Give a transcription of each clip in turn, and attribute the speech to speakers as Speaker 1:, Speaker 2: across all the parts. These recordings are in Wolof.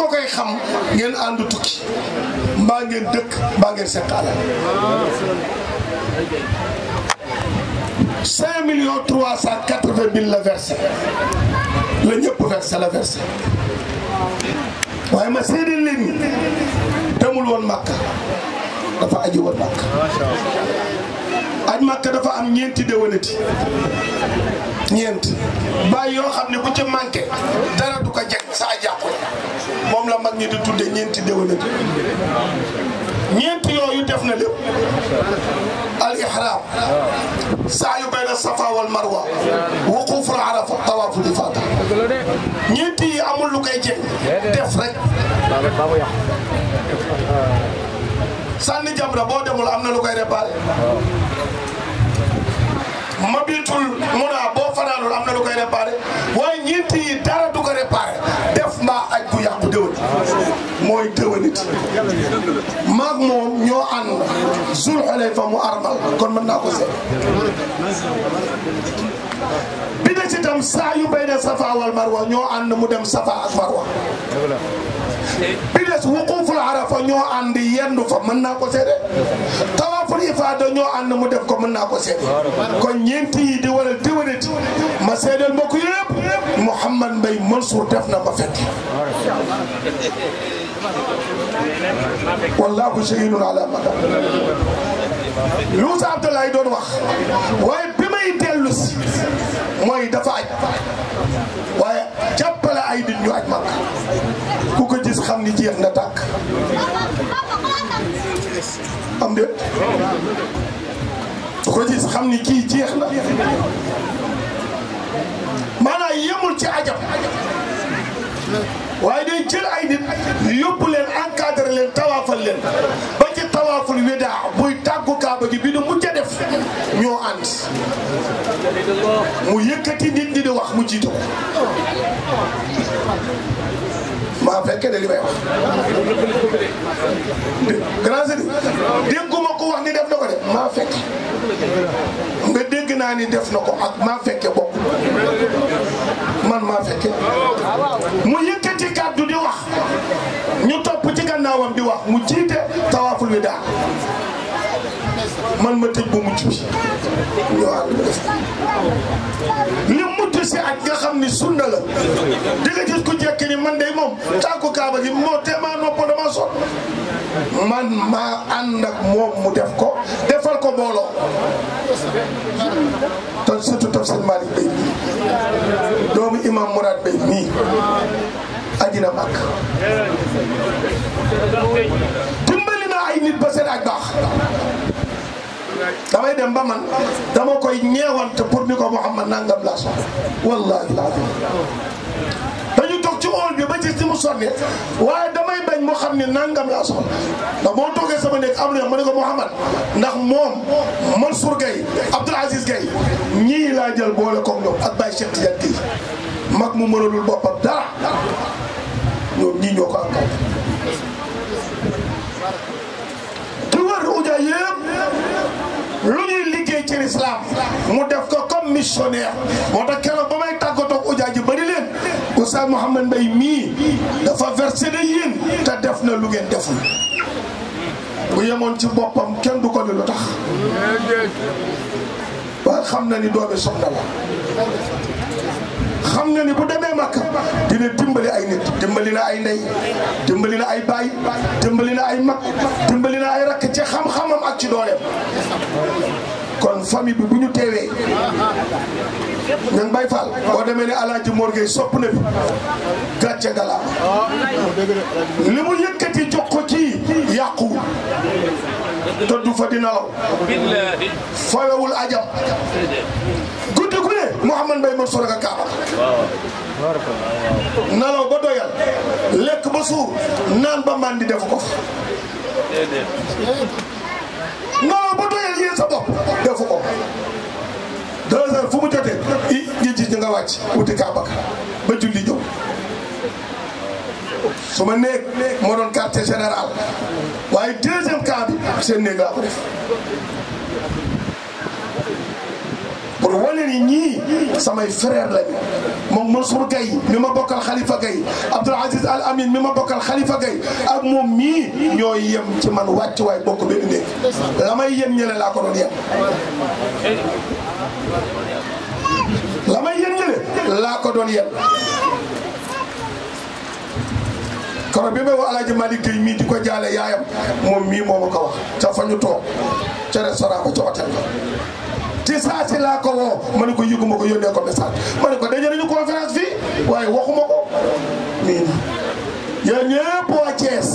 Speaker 1: boo koy xam ngeen ànd tukki mbaa ngeen dëkk mbaa ngeen seq alal 5 millions 380 mille la versé la ñëpp versé la versé waaye ma seedeel leen ni demul woon Màkka dafa aji woon Màkka aj Màkka dafa am ñeenti déwénati ñeent bàyyi yoo xam ne bu ca manqué dara ko jeg sa aj moom la mag ñi di tudde ñeenti déwénati ñeenti yooyu def na lépp al ihram sa'yu bayna safa wal marwa wuquf al arafa tawaf al ifada ñeenti amul lu koy jëg def rek sànni jamra boo demul am na lu koy mabitul muna boo fanaanul am na lu koy réparé waaye ñeenti yi dara du ko réparé def mbaa aj gu yàqu déwén mooy déwénit maag moom ñoo ànd zul xulayfa mu armal kon mën naa ko seet bi de tam saa yu bayna safa wal marwa ñoo ànd mu dem safa ak marwa des wuquuful arafa ñoo ànd yendu fa mën naa ko seede tawaaful ifaada ñoo ànd mu def ko mën naa ko seede kon ñeenti yi di waral déwénati ma seedeel mbokk yëpp Mouhamad Mbaye Mansour def na ba fekk wallaahu shahidun ala madam lu sa Abdoulaye doon wax waaye bi may dellu si mooy dafa ni jeex na tàkk am déet du xam ni kii jeex na maanaam yemul ci ajab waaye day jël ay nit yóbbu leen encadré leen tawaafal leen ba ci tawaaful weda buy tàggu kaaba gi bi nu mujj a def ñoo ànd mu yëkkati nit ñi wax mu jiite ko maa fekkee de li wax. grand sëriñ dégguma ko wax ni def na de maa fekke nga dégg naa ni def na ko ak maa fekke bokk man maa fekke mu yëkkati kàddu di wax ñu topp ci gannaawam di wax mu jiite tawaaful wi daal man ma tëj bu mujj bi ñëwaat li si ak nga xam ni sunna la di nga ku jekk ni man de moom tànku kaaba gi moo teemaa nopp dama sol man maa ànd ak moom mu def ko defal ko booloo ton surtout tof seen Malick doomu imam Mourad Bey mii ajina mag dimbali naa ay nit ba seen ak baax damay dem ba man dama koy ñeewante pour ni ko Mouhamad nangam laa soxla wallaahi laazim dañu toog ci óol bi ba ci si mu sonne waaye damay bañ mu xam ne nangam laa soxla ndax boo toogee sama nekk am na ma ne ko Mouhamad ndax moom Mansour Gueye Abdoul Aziz Gueye ñii laa jël boole koog ñoom ak Baye Cheikh Tidiane Gueye mag mu mënalul boppam dara ñoom ñii ñoo ko àndal. di wër uja yëpp. lu ñuy liggéey ci lislaam mu def ko comme missionnaire moo tax keroog ba may tàggatoog ujaa ji bëri leen Oustaz Mouhamed Mbaye mii dafa versé de yéen te def na lu ngeen deful bu yemoon ci boppam kenn du ko ni lu tax waaye xam na ni doomi soxna la xam na ni bu demee Makka dina dimbali ay nit dimbali na ay ndey dimbali na ay baay dimbali na ay mag dimbali na ay rakk ci xam-xamam ak ci dooleem kon famille bi bu ñu teewee ña ngi bay faal boo demee ni alaaji Mor Gueye sopp na fi gàcce ngalaama li mu yëkkati jox ko ci yàqu tëdd fa di nalaw fawewul ajam guddi gu ne Mouhamad Mbaye ma soroka kaaba nalaw ba doyal lekk ba suur naan ba màndi def ko ngelaw ba doyal yéen sa bopp defu ko deux heures fu mu jotee i ngi gis nga wàcc wuti Kaaba ba julli ñëw su ma néeg moo doon quartier général waaye deuxième cas seen néeg laa ko loolu wane samay frère lañu moom Mansour Gaye mi ma bokkal Khalifa Gaye Abdoul Aziz Al Amin mi ma bokkal Khalifa Gaye ak moom mii ñooy yem ci man wàcc waay bokk benn néeg la may yem ñële laa ko doon yem la may bi may wax El Hadj Malick Gueye mii di ko jaale yaayam moom mii moo ma ko wax ca fa toog ca restaurant ba ca hôtel ba ci saa si laa ko woo ma ne ko yëguma ko yónnee ko message ma ne ko daje nañu conférence fii waaye waxuma ko nii na yéen ñëpp waa Thiès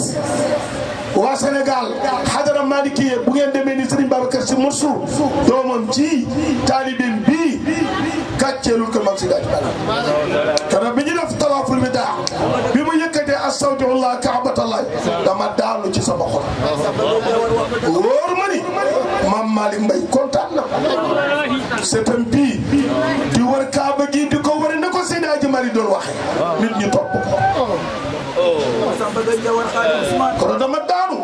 Speaker 1: waa Sénégal xadara Malikiye bu ngeen demee ni Serigne Babacar Sy Mansour doomam ci taalibim bii gàcceelul ko mag si daaj
Speaker 2: bala
Speaker 1: kanam bi ñu def tawaaful bi daa bi mu yëkkatee astawdiullah kaabatallay dama daanu ci sa xol Malick Mbaye kontaan na setam di wër gi di ko wër na ko Seydi Hadji waxe nit ñi topp ko kono dama daanu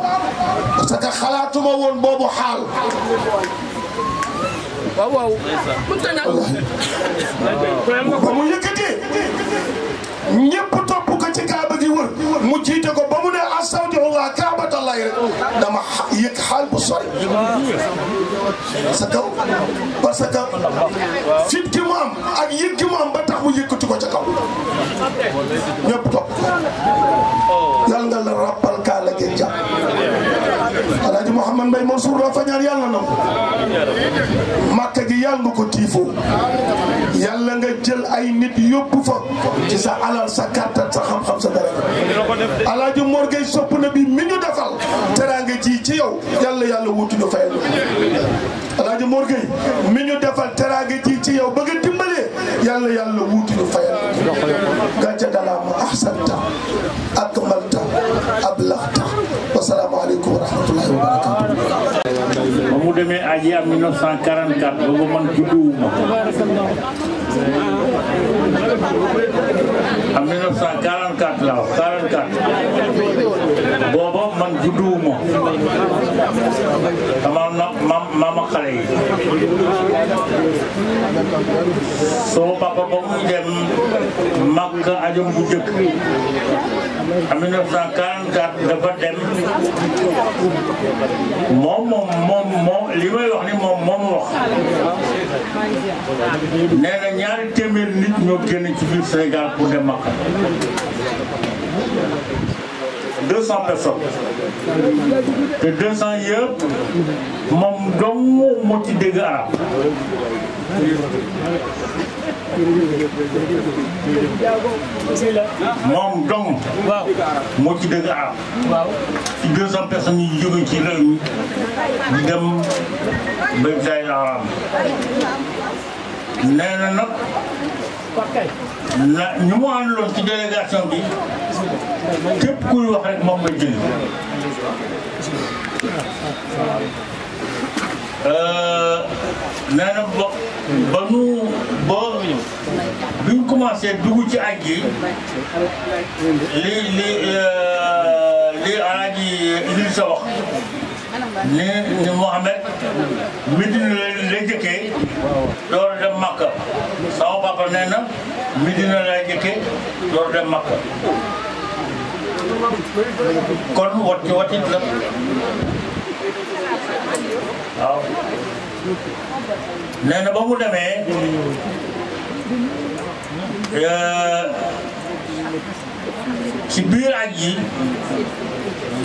Speaker 1: parce que xalaatuma woon boobu xaal waaw waaw ba mu yëkkatee ñëpp wër mu jiite ko ba mu ne astawdi'ullaah kaabatallaah rek dama yëg xaal bu sori. sa kaw parce que fit gi mu am ak yëg gi mu ba tax mu yëkkati ko ca kaw ñëpp topp yal nga la rappal kaala gi Alaaji Mouhamad Mbaye Mansour loo fa ñaan yàlla na màkk gi yàlla ko tiifoo yàlla nga jël ay nit yóbbu fa ci sa sa kàttan sa xam-xam sa dara sopp na bi mi ñu defal teraanga ji ci yow yàlla yàlla wutuñu fayal Alaaji yàlla yàlla wuuti lu fayal gàcce dalaama ahsanta akmalta ablaxta wasalaamaaleykum wa rahmatullahi wa
Speaker 3: barakatu ba mu demee aji am 1944 boobu man judduwuma am 1944 la wax
Speaker 2: 44
Speaker 3: booba man judduwuma sama yi sama papa ba muy dem Makka ajam bu jëkk en 1944 dafa dem moom moom moom moom li may wax ni moom moom wax nee na ñaari téeméer nit ñoo génn ci biir Sénégal pour dem Makka 200 personnes te 200 moom dong moo ci dégg arab moom dong. waaw moo ci dëgg aar. waaw ci 200 personnes yi jóge ci réew mi di dem béykat yi aaraam. nee na nag na ñu mu àndaloon ci délégation bi képp kuy wax rek moom may jëli. Euh, nee na ba ba nu ba bi ñu commencé dugg ci aj gi li li euh, li alaaji Idrissa wax ni ni Mohamed Medina la la jëkkee door a dem Makka sama papa nee na Medina la jëkkee door a dem Makka kon wat ci watit la waaw nee na ba mu demee euh, ci biir aj yi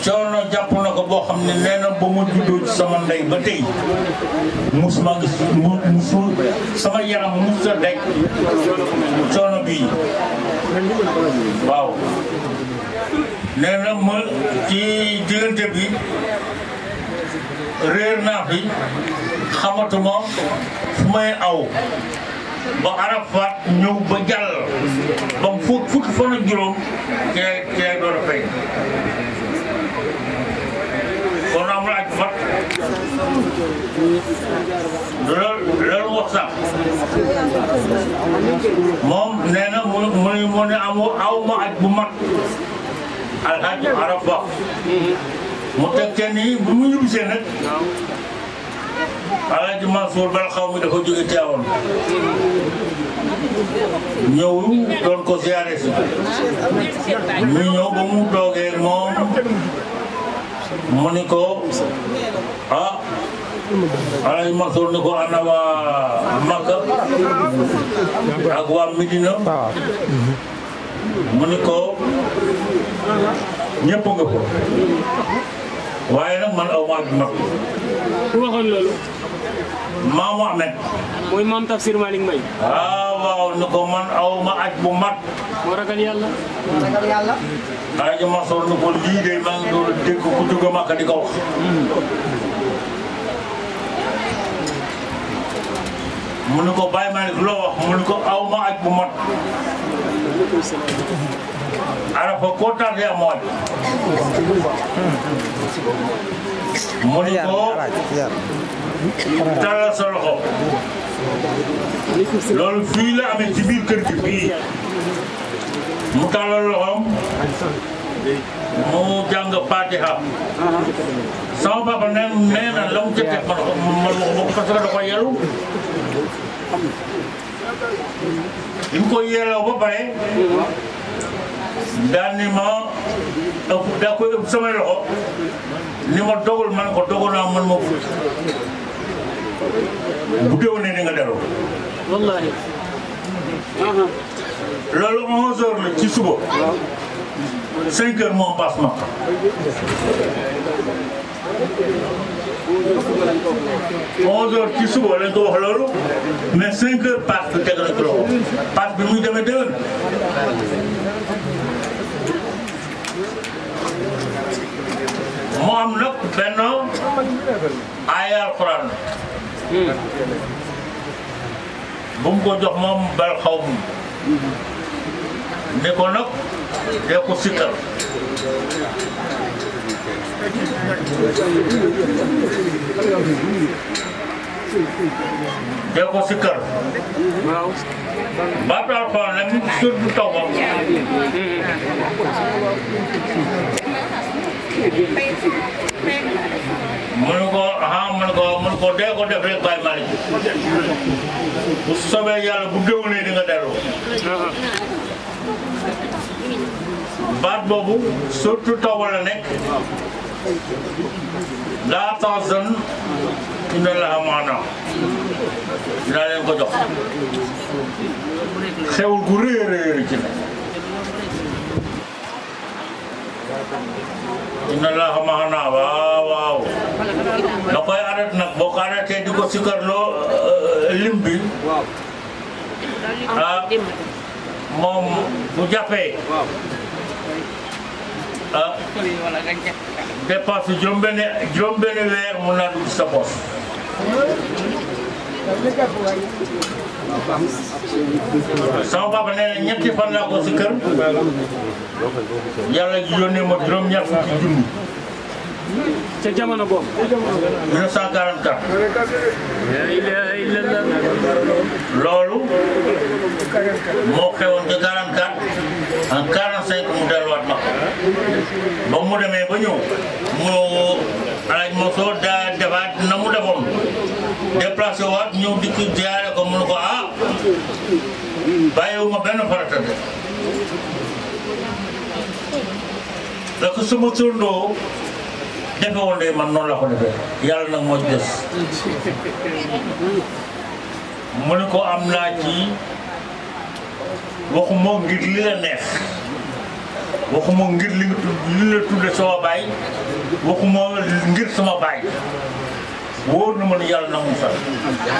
Speaker 3: coono jàpp na ko boo xam ne nee na ba ma juddoo ci sama ndey ba tey musuma gis musu sama yaram mus a dekk coono bii waaw nee na ma ci diggante bi réer naa fi xamatuma fu may aw ba Arafat ñëw ba jàll ba mu fukk fukki fan juróom te te door a fay kon amul aj fat loolu loolu wax sax moom nee na mu mu ne amu aw ma aj bu mag alxaj mu teg kenn yi bu mu ñibbisee nag Alaaji Mansour Balxaw mi dafa jóge Tiwaawan ñëw doon ko ziare si ñu ñëw ba mu doogee moom mu ni ko ah Alaaji Mansour ni ko ana waa Makka ak waa Medina mu ni ko ñëpp ko waaye nag man aw ma ak nopp. ku waxoon loolu. maam Mohamed. mooy Tafsir Malick Mbaye. ah waaw ni ko man aw ma aj bu mat. moo ragal yàlla. ko lii de maa ngi ku jóge Màkka di mu ne ko Baye Malick mu ne aw ma bu mot arafa ko tardé a mooj mu ne ko talal sa loxo loolu fii la amee ci biir kër gi fii mu tàllal loxoom mu jàng Fatiha sama papa nee na la mu ca teg man man ma ko parce que da ko yelu bi mu ko yeeloo ba pare daan ni ma ko daa koy ëpp samay loxo ni ma dogul man ko dogu naa man ma fut bu déwénee ni nga dellu wallaahi loolu onze heures la ci suba cinq heures moom passe ma 11 heures ci suba lañ ko wax loolu mais 5 heures paas bi teg nañ ko loolu paas bi muy demee déwén. moo am nag benn aaya alxuraan bu mu ko jox moom bal xaw mu ne ko nag dee ko sikkal Ah, dee ko si kër. waaw. baatu nit suur bu taw ba. mënu ko bu soobee yàlla nga delloo. baat boobu surtout taw la nekk. laa tahzan inna Allaha ma'anaa dinaa leen ko jox xewul gu rëy a rëy ci ne inna Allaha ma'anaa waaw waaw da koy arrêté nag boo ko arrêté di ko sikkarloo euh, lim bi ah moom bu jàppee ah. dépense bi juróom benn juróom benn weer mun naa dugg sa poche. sama papa nee na ñetti fan laa ko si kër. yàlla yónnee ma juróom-ñaar fukki junni. ca jamono boobu. 1944. la ilaha illallah. loolu. moo xewoon ca 44. en 45 mu delluwaat ma ba mu demee ba ñëw mu alaaj ma soo daa defaat na mu defoon déplacé waat ñëw dikk jaare ko mu ne ko ah bàyyiwuma benn farata de la ko sama turndoo defewul de man noonu la ko yàlla nag moo des mu ne ko am naa ci waxuma ngir li la neex waxuma ngir li nga tudd sama baay waxuma ngir sama baay wóor na ma ne yàlla nangu sax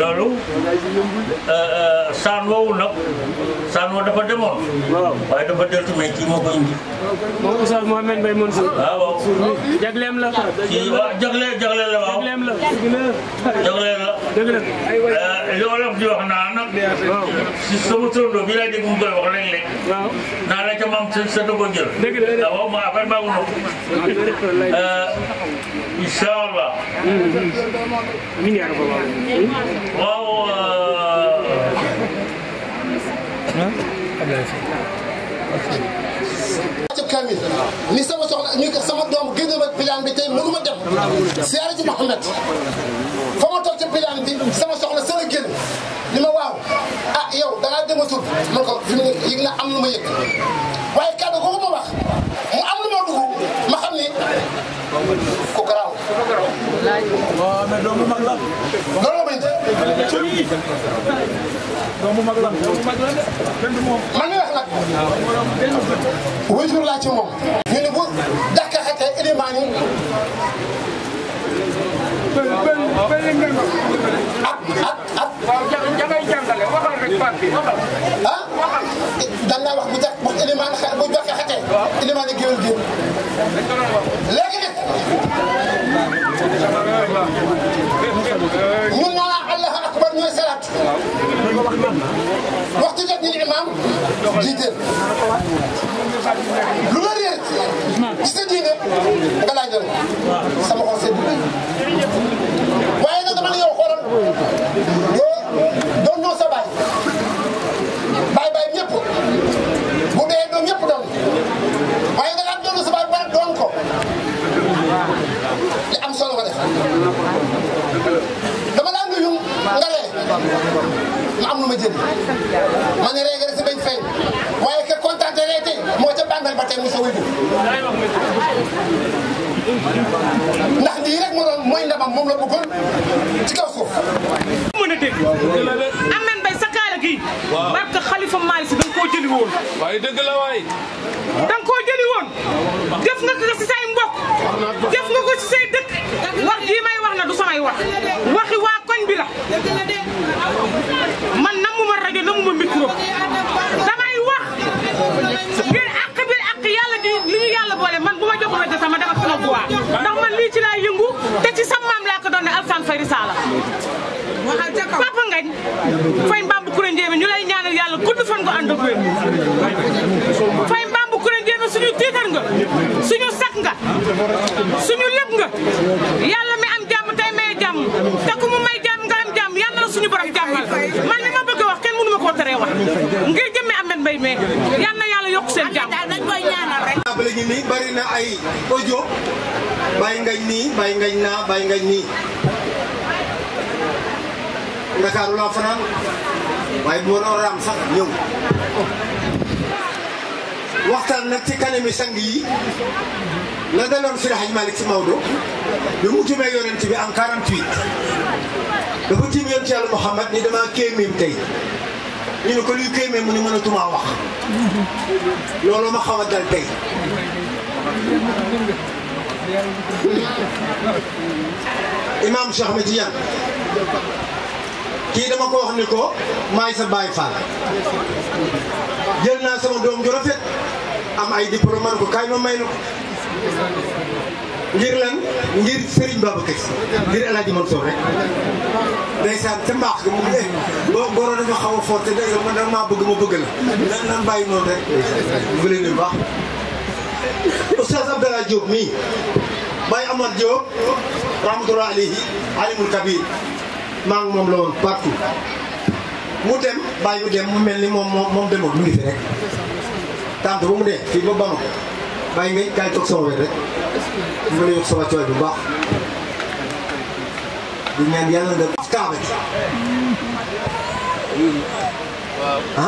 Speaker 3: loolu euh, euh, saan woowu nag saan woowu dafa demoon. waaw waaye dafa deltu mais kii moo koy indi. moom Oustaz Mouhamed Mbaye Mansour. waaw ah, waaw jagleem la. kii waaw jagle jagle la waaw jagleem la. jagle la. dëgg la euh, li wolof di wax naa nag. waaw si sama turando bi laa dégg mu koy wax léeg-léeg. waaw naa la ca maam sa sa dogo jël. dëgg la ah, waaw ma affaire baaxul na. incha allah. waaw.
Speaker 2: kamil ni sama soxna ñu sama doom génn ma pilaan bi tey mënu ma dem siyaare ci Mouhamed fa ma toog ci pilaan bi sama soxna sën a génn
Speaker 1: ni ma waaw ah yow da ngaa dematul man ko fi mu ne yëg na am lu ma yëg waaye kàddu googu ku garaaw. waaw mais doomu mag la. garaaw bañ ca. doomu mag la. man mi wax nag.
Speaker 2: wajur laa ci moom. ñu ne bu jàkka xatee élément yi. ah. dan naa wax bu jàkk wax élément xar bu jàkka xatee. élément yi géwél géwél maam jiiteel lu la réer ci sa diine nga laajal
Speaker 1: sama xol sedd waaye nag dama ne yow xoolal yow doon doo sa baay baay baay ñëpp bu dee doon ñëpp doon waaye nga daan doon sa baay ba doon ko li am solo nga def dama laa nuyu nga
Speaker 2: lee ma am lu ma jëriñ ma
Speaker 1: ne reega rek si bañ feeñ waaye ke kontaan te reete
Speaker 2: moo ca bàngal ba tey mu sa wujju
Speaker 1: ndax lii rek mu doon mooy ndamam moom la bëggoon ci kaw suuf mën a
Speaker 2: dégg
Speaker 3: am nañ bay sa kaala gi barke xalifa maay si danga koo jëli woon waaye dëgg la waay danga koo jëli woon def nga ko si say mbokk def nga ko si say dëkk wax lii may wax na du samay wax waxi bi la man namuma rajo namuma micro damay wax ngir àq bi àq yàlla di li ñu yàlla boole man bu ma jox wedd sama dama sama buwaa ndax man lii ci laa yëngu te ci sama maam laa ko doon ne Alassane Faye Risaala papa ngañ fay mbambu kuré njéeme ñu lay ñaanal yàlla gudd fan ko ànd ak wér fay mbambu kuré njéeme suñu tiitar nga suñu sak nga suñu lépp nga yàlla mi am jàmm tey may jàmm te ku mu ñu suñu borom jàmmal
Speaker 2: man li ma bëgg a wax kenn mënu ma koo teree wax ngir jëmme Ahmed Mbaye mais yal na yàlla yokk seen jàmm dañ nii bari na ay audio bàyyi ngañ nii bàyyi ngañ naa bàyyi ngañ nii Ndakaaru laa fanaan waaye bu ma raam sax ñëw waxtaan nag ci kanami sang yi la daloon Seydi Hadji Malick Sy Maodo bi mu jubee yonent bi en 48 dafa tiim yoon ci yàlla Muhammad ni damaa kéeméem tey ñu ne ko luy kéeméem mu ne mënatumaa wax loolu ma xaw a dal tey imaam Cheikh ma ci kii dama ko wax ni ko maay baay faal jël naa sama doom ju rafet am ay diplôme man ko kaay ma may la ko ngir lan ngir Serigne Babacar Sy ngir El Hadj Mansour rek ndeysaan te mbaax ga mu ne eh, boo góor dafa xaw a forte day man da maa bëgg ma bëgg la nan nan bàyyi rek mu ngi leen baax Oustaz Abdallah Diop mii Baye Amad Diop alimul kabir maa ngi moom la woon mu dem bàyyi mu dem mu mel ni moom demoon mu ngi fi rek tant ba mu dee fii ba bama bàyyi ngay kaay toog sama wet rek ñu ngi lay yokk sama cooy bu baax di ñaan yàlla nga kaaba hmm. gi ah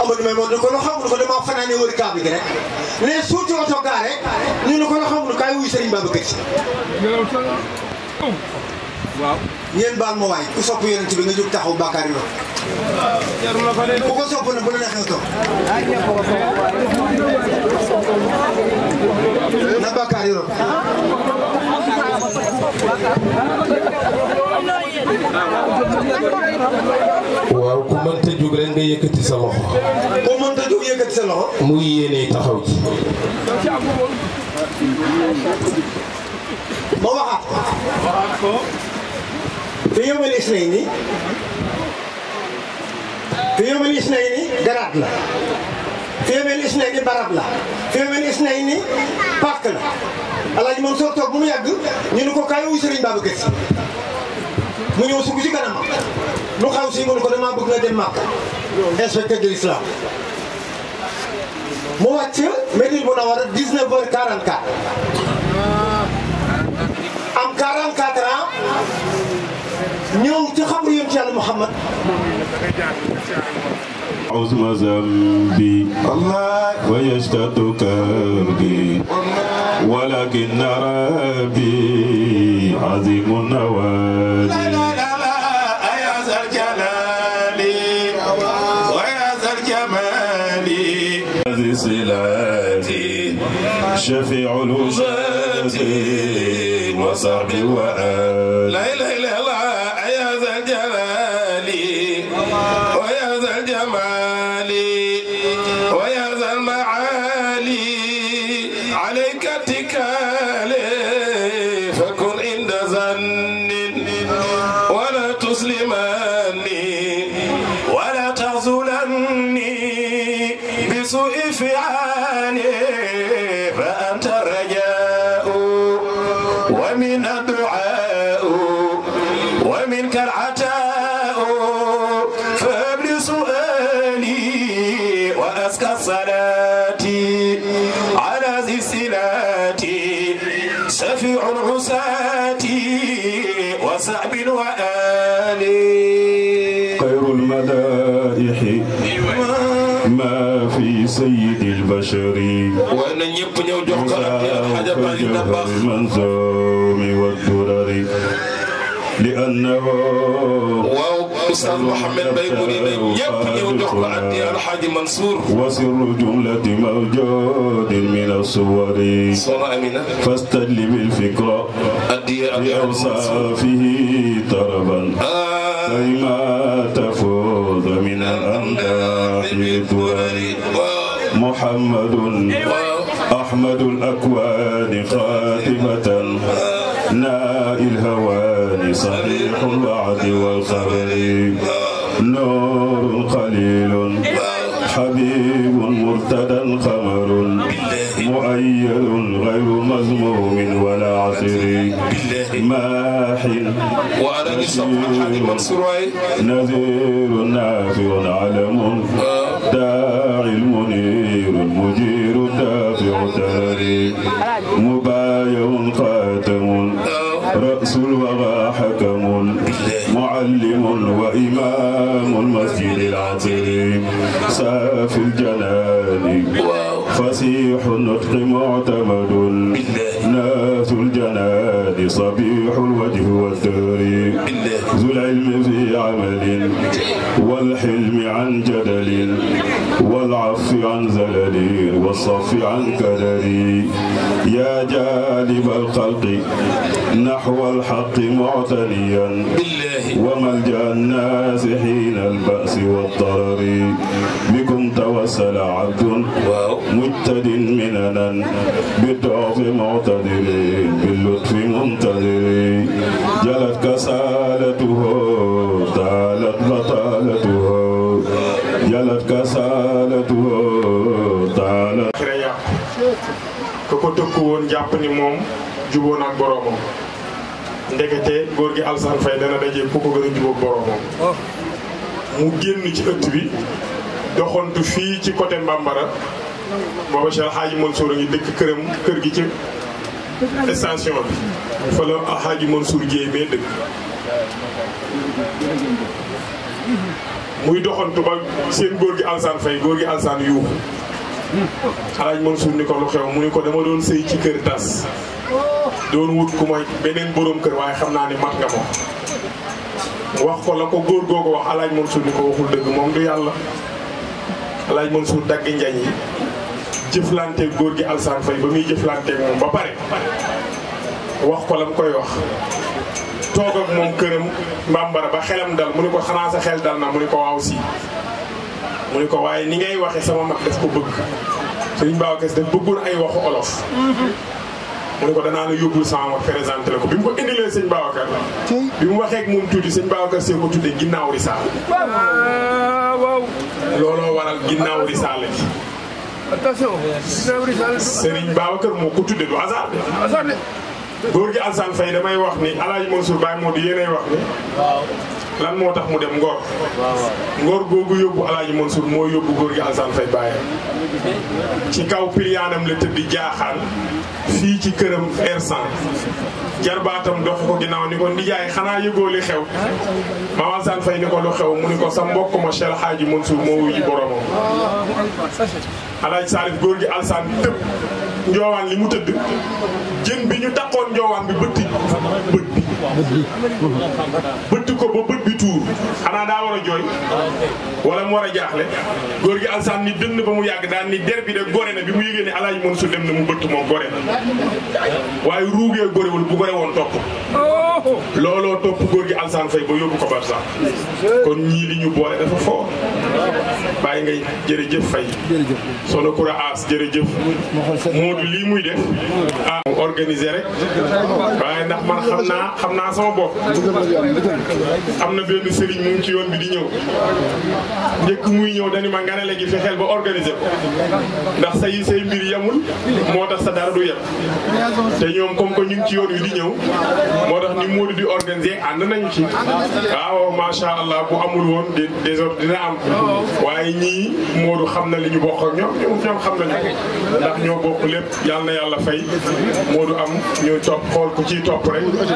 Speaker 2: Amadou may moom ko loo xamul ko damaa fanaane wër kaaba gi rek ne suuti oto gaare ne ko loo xamul kaay wuyu Serigne Babacar Sy waaw ngeen baal ma waay ku sopp yonent bi nga jóg taxaw bàkkaar yi ku ko sopp na toog na Bakar Yoro waaw ku mënta jóg rek ku mënta jóg yëkkati sa loxo. muy yéene ma waxaat ko. waxaat fi yawmal isnayni. fi yawmal isnayni garaat féeméer isnay ni barab la féeméer isnay ni pàkk la alaaji moom soo toog bu mu yàgg ñu ni ko kaay wuy sëriñ Babacar Si mu ñëw sugg ci kanamam lu xaw si mu ne ko bëgg nga dem Màkka inspecteur de l'islam mu wàcc Médine Munawara 19h44 am 44 ans ñëw ci xabru yonent Yàlla Muhammad
Speaker 4: عظم ذنبي ويشتد كربي ولكن ربي عظيم نوالي صلاتي شفيع الوجات وصحبي وآل لا
Speaker 1: إله إلا الله المالي ويا ذا المعالي
Speaker 4: na ñëpp ñëw jox ko ak Alxaaji Abdulaay Dabaax waaw Oustaz Mouhamed Mbaye Mouride ñëpp ñëw jox ko ak Alxaaji Mansour وسر جملة موجود من الصور soxna Amina فاستجلب الفكر لأوصافه طربا كيما تفوز من الأمداح الدرر محمد محمد الأكوان خاتمة نائل الهوان صحيح الوعد والخبر نور قليل حبيب مرتدى خمر مؤيد غير مذموم ولا عسر ماح نذير نافع علم داعي المنير عن زللي والصف عن كدري يا جالب الخلق نحو الحق معتنيا وملجا الناس حين البأس والضرر بكم توسل عبد مجتد مننا بالضعف معتدل باللطف منتظر جلت كسال woon jàpp ni moom jubóo ak boroomam
Speaker 5: ndekete góor gi Alassane Faye dana daje ku ko gën a jubóog mu génn ci ëtt bi doxantu fii ci côté Mbambara booba Cheikh Hadji Mansour a ngi dëkk këram kër gi ci station bi muy doxantu ba seen góor gi Alassane Faye góor gi Alassane yuuxu alaaj Mansour ni ko lu xew mu ni ko dama doon sëy ci kër tas doon wut ku ma beneen borom kër waaye xam naa ni mat nga moom wax ko la ko góor googu wax alaaj Mansour ni ko waxul dëgg moom du yàlla alaaj Mansour dagg njañ yi jëflanteeg góor gi alsaan fay ba muy jëflanteeg moom ba pare wax ko la mu koy wax toog ak moom këram mbambara ba xelam dal mu ne ko xanaa sa xel dal na mu ni ko waaw si mu ni ko waaye ni ngay waxe sama mag daf ko bëgg Serigne Babacar Kees daf bëggoon ay waxu olof mu ne ko danaa ne yóbbul sama mag présenté la ko bi mu ko indilee sëñ Babacar bi mu waxee ak moom tuuti sëñ Babacar see ko ginnaaw risaala waaw looloo ginnaaw risaala gi attention ginnaaw risaala sëriñ moo ko tuddee du hasard hasard góor gi Alsaan Fay damay wax ni Alaaji Mansour Baay moo di wax ni lan moo tax mu dem Ngor Ngor googu yóbbu Alaaji Mansour moo yóbbu góor gi Alassane Faye bàyyam ci kaw piliyaanam la tëdd jaaxaan fii ci këram ersan jarbaatam dox ko ginnaaw ni ko nijaay xanaa yëgoo li xew maam Alassane Faye ni ko lu xew mu ni ko sa mbokk ma Cheikh Alaaji Mansour moo wuyu boromam Alaaji Salif góor gi Alassane tëb njoowaan li mu tëdd jën bi ñu takkoon njoowaan bi bët bi bët bëtt ko ba bët bi tuur xanaa daa war a jooy wala mu war a jaaxle góor gi alsaan ni dënn ba mu yàgg daan ni der bi de gore na bi mu yëgee ne alaaji mën su dem na mu bëtt moom gore na waaye ruugee gorewul bu gore woon topp looloo topp góor gi alsaan fay ba yóbbu ko barsax kon ñii li ñu boole dafa foo bàyyi ngay jëf fay sono koura aas jërëjëf Moodu mu muy def ah organiser rek waaye ndax man xam naa xam xam naa sama bopp am na benn sëriñ mu ngi ci yoon bi di ñëw njëkk muy ñëw dañu ma nga ne léegi fexeel ba organiser ndax say say mbir yamul moo tax sa dara du yem te ñoom comme que ñu ngi ci yoon wi di ñëw moo tax ni Modou di organiser ànd nañu ci waaw macha allah bu amul woon des désordre dina am waaye ñii Modou xam na lañu ñu bokk ak ñoom ñoom xam nañu ndax ñoo bokk lépp yàlla na yàlla fay Modou am ñu topp xool ku ciy topp
Speaker 3: rek